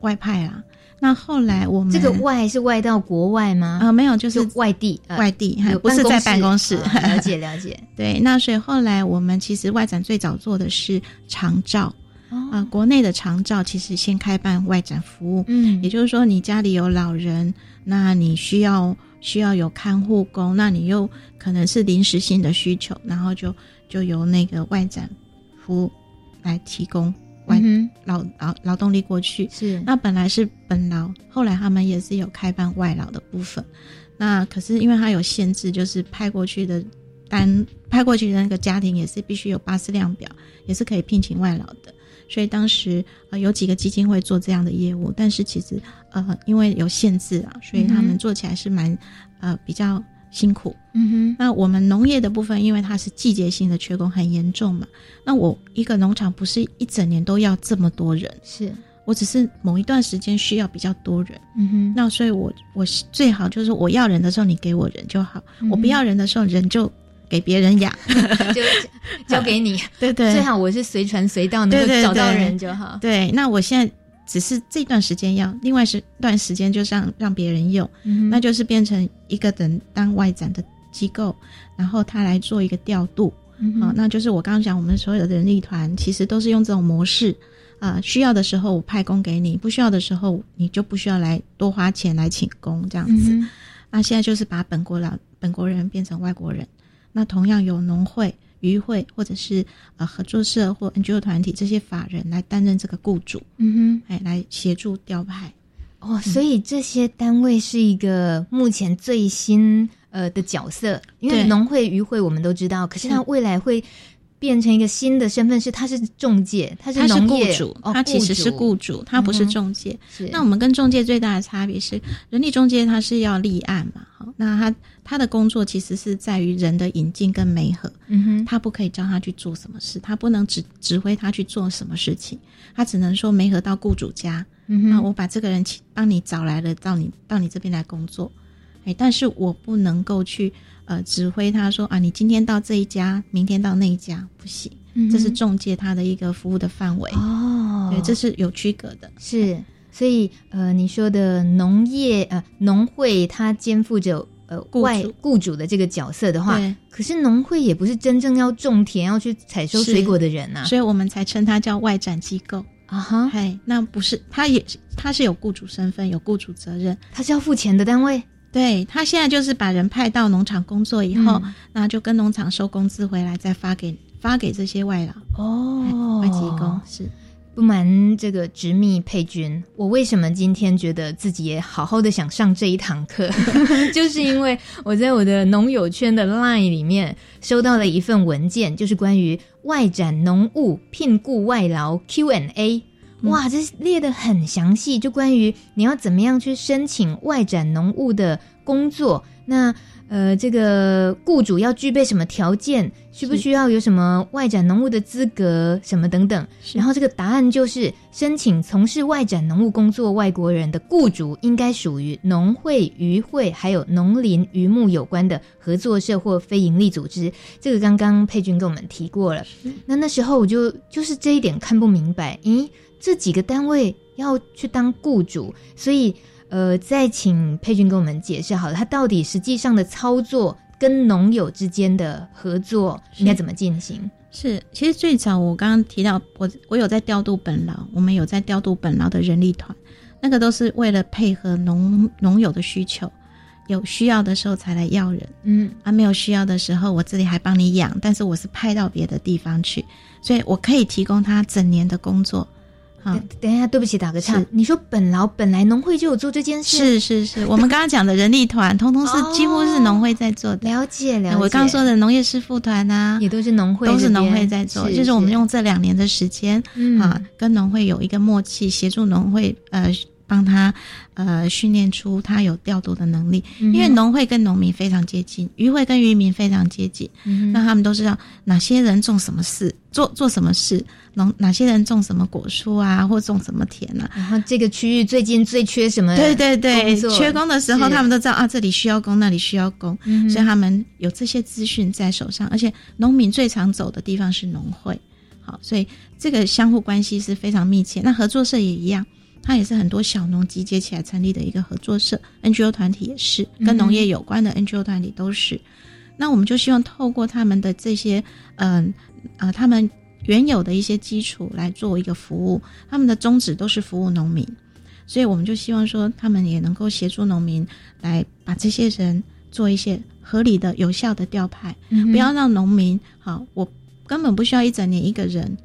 外派啊。那後來我們、嗯、這個外是外到國外嗎？啊、呃，沒有，就是就外地，外地還、呃、不是在辦公室。呃、了解，了解。 <laughs> 對，那所以後來我們其實外展最早做的是長照啊、哦呃，國內的長照其實先開辦外展服務。嗯，也就是說，你家裡有老人，那你需要需要有看護工，那你又可能是臨時性的需求，然後就就由那個外展服務來提供。嗯，勞勞勞動力過去是那本來是本勞，後來他們也是有開辦外勞的部分。那可是因為它有限制，就是派過去的單派過去的那個家庭也是必須有巴氏量表，也是可以聘請外勞的。所以當時呃有幾個基金會做這樣的業務，但是其實呃，因為有限制啊，所以他們做起來是蠻、嗯、哼呃比較辛苦，嗯哼。那我們農業的部分，因為它是季節性的缺工，很嚴重嘛。那我一個農場不是一整年都要這麼多人？是，我只是某一段時間需要比較多人，嗯哼。那所以我我最好就是我要人的時候你給我人就好，嗯哼，我不要人的時候人就給別人養，嗯、 <laughs> <laughs> 就交給你。對對，最好我是隨傳隨到 <laughs> 能夠找到人就好。對，對，對，對，那我現在。只是這段時間要，另外一段時間就讓讓別人用，嗯、哼那就是變成一個人當外展的機構，然後他來做一個調度，嗯、哼啊，那就是我剛剛講我們所有的人力團其實都是用這種模式，啊、呃，需要的時候我派工給你，不需要的時候你就不需要來多花錢來請工這樣子，嗯、哼那現在就是把本國老本國人變成外國人，那同樣有農會，漁會或者是呃合作社、或 NGO 團體，這些法人來擔任這個雇主，嗯哼，哎，來協助調派。哦，所以這些單位是一個目前最新呃的角色，嗯、因為農會、漁會我們都知道，對可是它未來會。變成一個新的身份，是，他是，他是中介，他是雇主，哦、雇主他其實是雇主，他不是中介。嗯、那我們跟中介最大的差別是，人力中介他是要立案嘛，那他他的工作其實是在於人的引進跟媒合，嗯、哼他不可以叫他去做什麼事，他不能指指揮他去做什麼事情，他只能說媒合到雇主家，嗯、哼那我把這個人幫你找來了，到你到你這邊來工作。哎，但是我不能夠去呃指揮他說啊，你今天到這一家，明天到那一家，不行，嗯、哼這是中介他的一個服務的範圍哦。對，這是有區隔的。是，嘿所以呃，你說的農業呃農會它肩負着呃雇主雇主的這個角色的話，對可是農會也不是真正要種田、要去採收水果的人吶、啊。所以我們才稱它叫外展機構啊哈哼。那不是，他也是，他是有雇主身份、有雇主責任，他是要付錢的單位。對，他現在就是把人派到農場工作以後，嗯、那就跟農場收工資回來再發給發給這些外勞哦，外籍工是。不瞞這個執秘佩君，我為什麼今天覺得自己也好好的想上這一堂課？ <laughs> 就是因為我在我的農友圈的 LINE 裡面收到了一份文件，就是關於外展農務聘僱外勞 Q&A。A 嗯、哇，這列得很詳細，就關於你要怎麼樣去申請外展農務的工作，那呃，這個雇主要具備什麼條件，需不需要有什麼外展農務的資格是什麼等等，是然後這個答案就是，申請從事外展農務工作外國人的雇主應該屬於農會、漁會，還有農林漁牧有關的合作社或非營利組織。這個剛剛佩君跟我們提過了，是那那時候我就就是這一點看不明白，咦、嗯？這幾個單位要去當雇主，所以，呃，再請佩君跟我們解釋好了，他到底實際上的操作跟農友之間的合作應該怎麼進行？是，是，其實最早我剛剛提到，我我有在調度本勞，我們有在調度本勞的人力團，那個都是為了配合農農友的需求，有需要的時候才來要人，嗯，而、啊、沒有需要的時候，我這裡還幫你養，但是我是派到別的地方去，所以我可以提供他整年的工作。嗯、等一下，對不起，打個岔。是你說本勞本來農會就有做這件事，是是是，我們剛剛講的人力團， <laughs> 通通是幾乎是農會在做的，了解、哦、了解。了解我剛說的農業師傅團啊，也都是農會，都是農會在做。是是就是我們用這兩年的時間、嗯、啊，跟農會有一個默契，協助農會呃。幫他，呃，訓練出他有調度的能力。嗯、哼因為農會跟農民非常接近，漁會跟漁民非常接近，嗯、哼那他們都知道哪些人種什麼事，做做什麼事，農哪些人種什麼果樹啊，或種什麼田啊。然後、嗯、這個區域最近最缺什麼？對對對，缺工的時候，他們都知道是啊，這裡需要工，那裡需要工，嗯、哼所以他們有這些資訊在手上。而且農民最常走的地方是農會，好，所以這個相互關係是非常密切。那合作社也一樣。它也是很多小農集結起來成立的一個合作社，NGO 團體也是，跟農業有關的 NGO 團體都是。嗯、哼那我們就希望透過他們的這些，嗯、呃、啊、呃，他們原有的一些基礎來做一個服務，他們的宗旨都是服務農民，所以我們就希望說他們也能夠協助農民來把這些人做一些合理的、有效的調派，嗯、哼不要讓農民好，我根本不需要一整年一個人，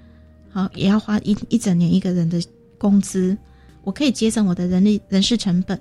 好也要花一一整年一個人的工資。我可以節省我的人力人事成本，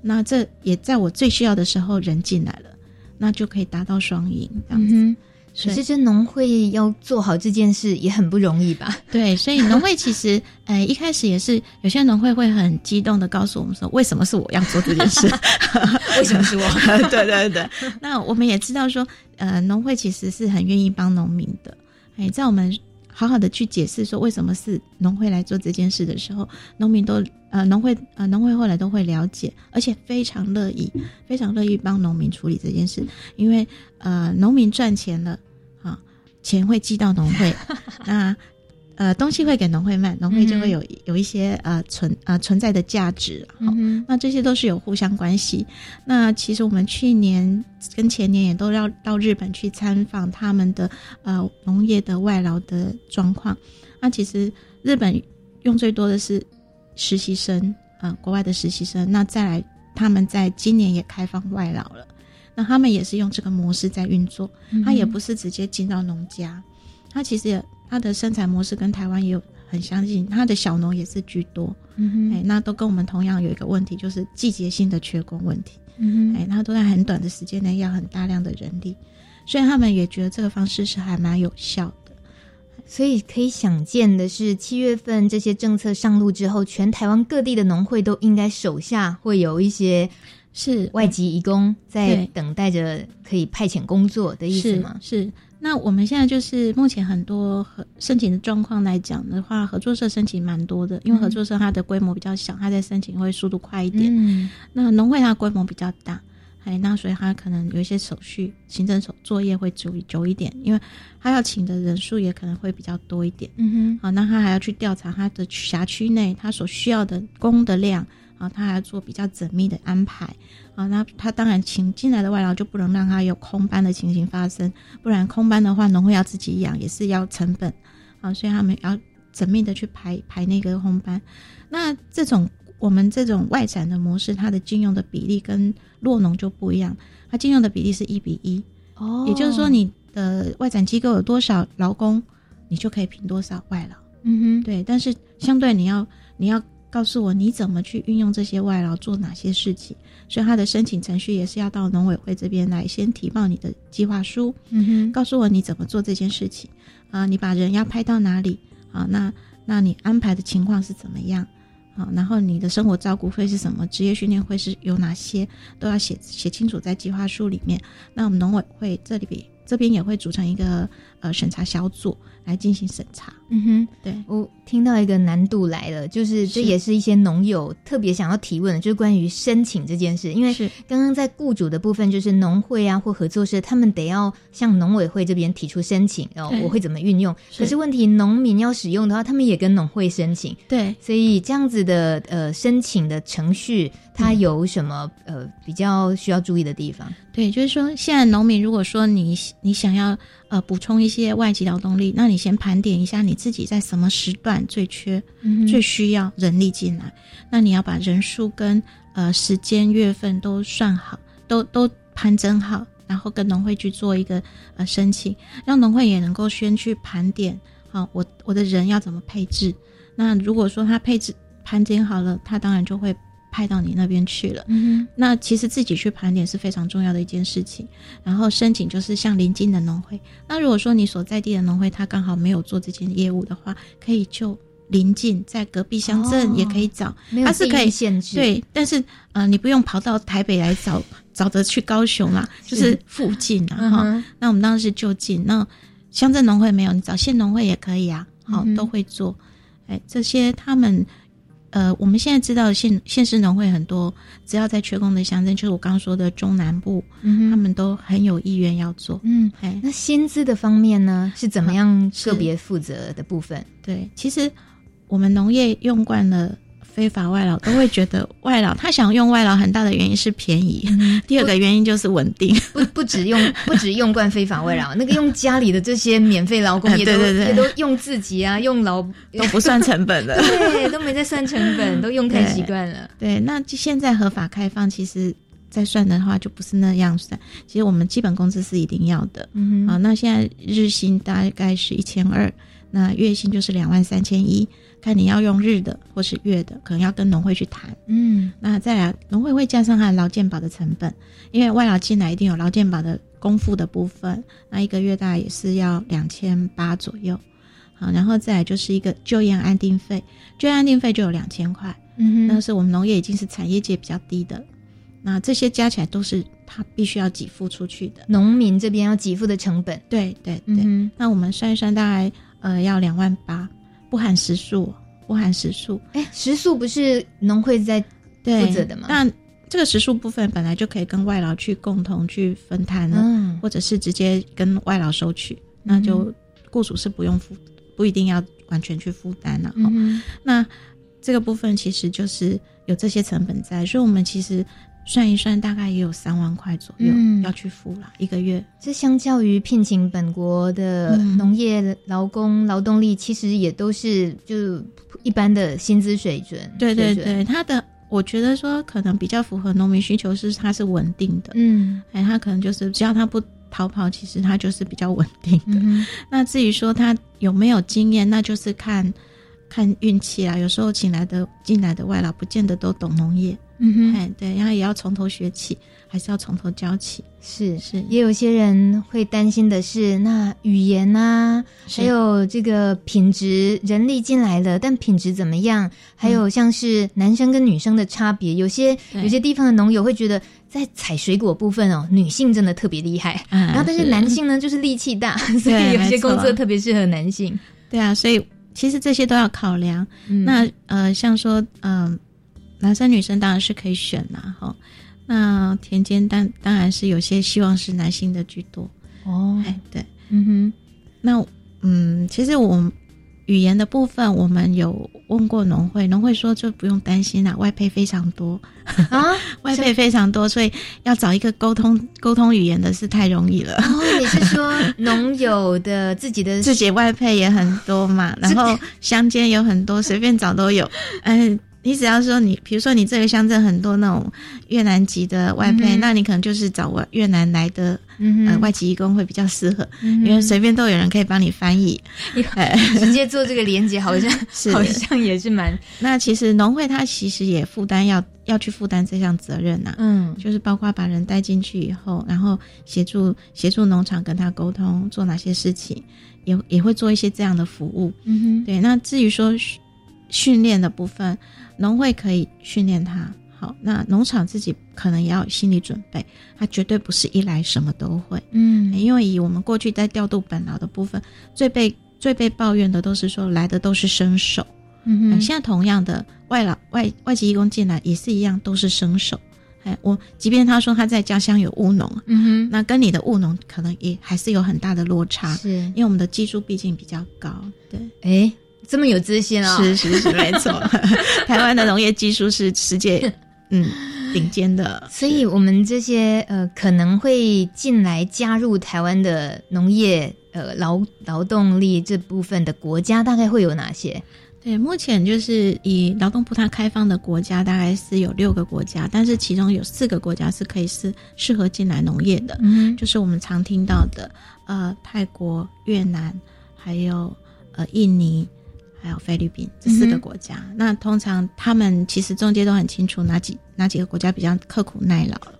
那這也在我最需要的時候人進來了，那就可以達到雙贏。嗯哼，以可是這農會要做好這件事也很不容易吧？對，所以農會其實， <laughs> 呃，一開始也是有些農會會很激動地告訴我們說，為什麼是我要做這件事？ <laughs> 為什麼是我？ <laughs> 對對對，對。 <laughs> 那我們也知道說，呃，農會其實是很願意幫農民的。哎、欸，在我們好好的去解釋說為什麼是農會來做這件事的時候，農民都。呃，農會呃，農會後來都會了解，而且非常樂意，非常樂意幫農民處理這件事，因為呃，農民賺錢了，啊、哦，錢會寄到農會， <laughs> 那呃，東西會給農會賣，農會就會有有一些呃存呃存在的價值，哦、嗯哼，那這些都是有互相關係。那其實我們去年跟前年也都要到日本去參訪他們的呃農業的外勞的狀況，那其實日本用最多的是。實習生，啊、呃、國外的實習生，那再來，他們在今年也開放外勞了，那他們也是用這個模式在運作，他也不是直接進到農家，嗯、哼他其實他的生產模式跟台灣也有很相近，他的小農也是居多，嗯、哼哎，那都跟我們同樣有一個問題，就是季節性的缺工問題，嗯、哼哎，那都在很短的時間內要很大量的人力，所以他們也覺得這個方式是還蠻有效的。所以可以想見的是，七月份這些政策上路之後，全台灣各地的農會都應該手下會有一些是外籍移工在等待着可以派遣工作的意思嗎？是，嗯、是，是。那我們現在就是目前很多合申請的狀況來講的話，合作社申請蠻多的，因為合作社它的規模比較小，嗯、它在申請會速度快一點。嗯，那農會它規模比較大。哎，那所以他可能有一些手續、行政手作業會久久一點，因為他要請的人數也可能會比較多一點。嗯哼，好、哦，那他還要去調查他的轄區內他所需要的工的量啊、哦，他還要做比較縝密的安排啊、哦。那他當然請進來的外勞就不能讓他有空班的情形發生，不然空班的話，農會要自己養也是要成本啊、哦，所以他們要縝密的去排排那個空班。那這種。我們這種外展的模式，它的聘用的比例跟酪農就不一樣，它聘用的比例是一比一，哦，也就是說你的外展機構有多少勞工，你就可以聘多少外勞，嗯哼，對，但是相對你要你要告訴我你怎麼去運用這些外勞做哪些事情，所以它的申請程序也是要到農委會這邊來先提報你的計劃書，嗯哼，告訴我你怎麼做這件事情，啊、呃，你把人要派到哪裡啊、呃？那那你安排的情況是怎麼樣？好，然後你的生活照顧費是什麼？職業訓練會是有哪些，都要寫寫清楚在計劃書裡面。那我們農委會這裡邊這邊也會組成一個。呃，審查小組來進行審查。嗯哼，對。我聽到一個難度來了，就是這也是一些農友特別想要提問的，就是關於申請這件事。因為剛剛在雇主的部分，就是農會啊或合作社，他們得要向農委會這邊提出申請，哦對。我會怎麼運用？是可是問題，農民要使用的話，他們也跟農會申請。對，所以這樣子的呃申請的程序，它有什麼、嗯、呃比較需要注意的地方？對，就是說現在農民如果說你你想要。呃，補充一些外籍勞動力。那你先盤點一下你自己在什麼時段最缺，嗯、哼最需要人力進來。那你要把人數跟呃時間、月份，都算好，都都盤整好，然後跟農會去做一個呃申請，讓農會也能夠先去盤點。好，啊，我我的人要怎麼配置？那如果說他配置盤點好了，他當然就會派到你那邊去了。嗯哼，那其實自己去盤點是非常重要的一件事情。然後申請就是像臨近的農會。那如果說你所在地的農會他剛好沒有做這件業務的話，可以就臨近，在隔壁鄉鎮也可以找。哦、他是可以、沒有限制。對，但是呃，你不用跑到台北來找， <laughs> 找着去高雄啦、啊，就是附近啊哈、嗯。那我們當時就近。那鄉鎮農會沒有，你找縣農會也可以啊。好、嗯哼，都會做。哎，這些他們。呃，我們現在知道縣縣市農會很多，只要在缺工的鄉鎮，就是我剛剛說的中南部，嗯、哼他們都很有意願要做。嗯，那薪資的方面呢，是怎麼樣特別負責的部分？對，其實我們農業用慣了。非法外勞都會覺得外勞，他想用外勞很大的原因是便宜，第二個原因就是穩定。不，不，不止用，不止用慣非法外勞， <laughs> 那個用家裡的這些免費勞工，也都，嗯、對對對也都用自己啊，用勞都不算成本的。 <laughs> 對，都沒在算成本，都用太習慣了對。對，那現在合法開放，其實再算的話就不是那樣算。其實我們基本工資是一定要的，嗯哼，好，那現在日薪大概是一千二。那月薪就是兩萬三千一，看你要用日的或是月的，可能要跟農會去談。嗯，那再來，農會會加上他的勞健保的成本，因為外勞進來一定有勞健保的功付的部分，那一個月大概也是要兩千八左右。好，然後再來就是一個就業安定費，就業安定費就有兩千塊。嗯哼，但是我們農業已經是產業界比較低的。那這些加起來都是他必須要給付出去的，農民這邊要給付的成本。對對對，對對，嗯哼，那我們算一算大概。呃，要兩萬八，不含食宿，不含食宿。哎、欸，食宿不是農會在負責的嗎？那這個食宿部分本來就可以跟外勞去共同去分攤了，嗯、或者是直接跟外勞收取，嗯、哼那就雇主是不用負，不一定要完全去負擔了。嗯、哼那這個部分其實就是有這些成本在，所以我們其實，算一算，大概也有三萬塊左右，嗯、要去付了，一個月。這相較於聘請本國的農業勞工，嗯、勞動力，其實也都是就一般的薪資水準，水準。對對對，他的我覺得說，可能比較符合農民需求是，他是穩定的。嗯，哎，他可能就是只要他不逃跑，其實他就是比較穩定的。嗯嗯，那至於說他有沒有經驗，那就是看，看運氣啦。有時候請來的進來的外勞，不見得都懂農業。嗯哼，對，然後也要從頭學起，還是要從頭教起，是是。也有些人會擔心的是，那語言啊，還有這個品質，人力進來了，但品質怎麼樣？還有像是男生跟女生的差別，有些有些地方的農友會覺得，在採水果部分哦，女性真的特別厲害，然後但是男性呢就是力氣大，所以有些工作特別適合男性。對啊，所以其實這些都要考量。那呃，像說嗯。男生女生當然是可以選啦，哈、哦。那田間當當然是有些希望是男性的居多哦，對，嗯哼。那嗯，其實我語言的部分，我們有問過農會，農會說就不用擔心啦，外配非常多啊， <laughs> 外配非常多，所以，所以要找一個溝通溝通語言的是太容易了。哦，你是說農友的自己的 <laughs> 自己外配也很多嘛？然後鄉間有很多，隨 <laughs> 便找都有，嗯、哎。你只要說你，比如說你這個鄉鎮很多那種越南籍的外配，嗯、哼那你可能就是找越南來的嗯哼、呃，外籍移工會比較適合，嗯、哼因為隨便都有人可以幫你翻譯，嗯、哼直接做這個連接，好像 <laughs> 是好像也是蠻。那其實農會它其實也負擔要要去負擔這項責任吶、啊，嗯，就是包括把人帶進去以後，然後協助協助農場跟他溝通做哪些事情，也也會做一些這樣的服務，嗯哼，對。那至於說訓練的部分。農會可以訓練他。好，那農場自己可能也要有心理準備，他絕對不是一來什麼都會。嗯，因為以我們過去在調度本勞的部分，最被最被抱怨的都是說來的都是生手。嗯哼、哎，現在同樣的外勞外外籍移工進來也是一樣，都是生手。哎，我即便他說他在家鄉有務農，嗯哼，那跟你的務農可能也還是有很大的落差，是因為我們的技術畢竟比較高。對，哎。這麼有自信啊！是是是，沒錯。 <laughs> 台灣的農業技術是世界嗯頂尖的、 <laughs> 嗯，所以我們這些呃可能會進來加入台灣的農業呃勞勞動力這部分的國家，大概會有哪些？對，目前就是以勞動不太開放的國家，大概是有六個國家，但是其中有四個國家是可以適適合進來農業的，嗯哼，就是我們常聽到的呃泰國、越南，還有呃印尼。還有菲律賓這四個國家，嗯、哼那通常他們其實仲介都很清楚哪幾哪幾個國家比較刻苦耐勞了。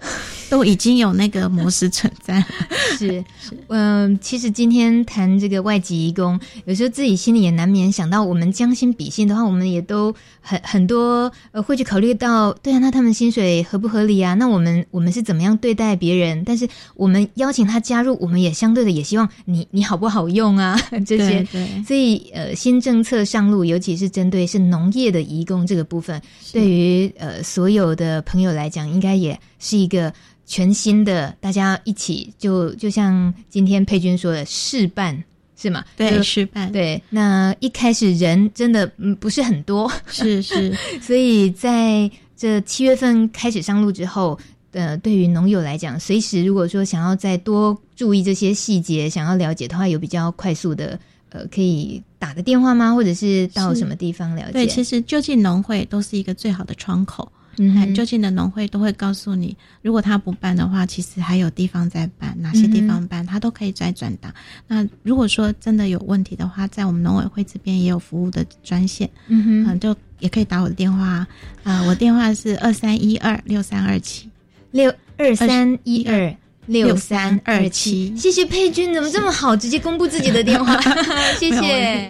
都已經有那個模式存在 <laughs> 是，是嗯，其實今天談這個外籍移工，有時候自己心裡也難免想到，我們將心比心的話，我們也都很很多呃，會去考慮到，對啊，那他們薪水合不合理啊？那我們我們是怎麼樣對待別人？但是我們邀請他加入，我們也相對的也希望你你好不好用啊這些。所以呃，新政策上路，尤其是針對是農業的移工這個部分，是對於呃所有的朋友來講，應該也是一個。全新的，大家一起就就像今天佩君說的試辦是嗎？對，試辦對。那一開始人真的嗯不是很多，是是。是 <laughs> 所以在這七月份開始上路之後，呃，對於農友來講，隨時如果說想要再多注意這些細節，想要了解的話，有比較快速的呃可以打個電話嗎？或者是到什麼地方了解？對，其實就近農會都是一個最好的窗口。嗯，就近的農會都會告訴你，如果他不辦的話，其實還有地方在辦，哪些地方辦，他都可以再轉達。嗯、哼那如果說真的有問題的話，在我們農委會這邊也有服務的專線，嗯哼、呃，就也可以打我的電話，啊、呃，我電話是二三一二六三二七六二三一二六三二七。二七謝謝佩君，怎麼這麼好，是直接公布自己的電話， <laughs> <laughs> 謝謝。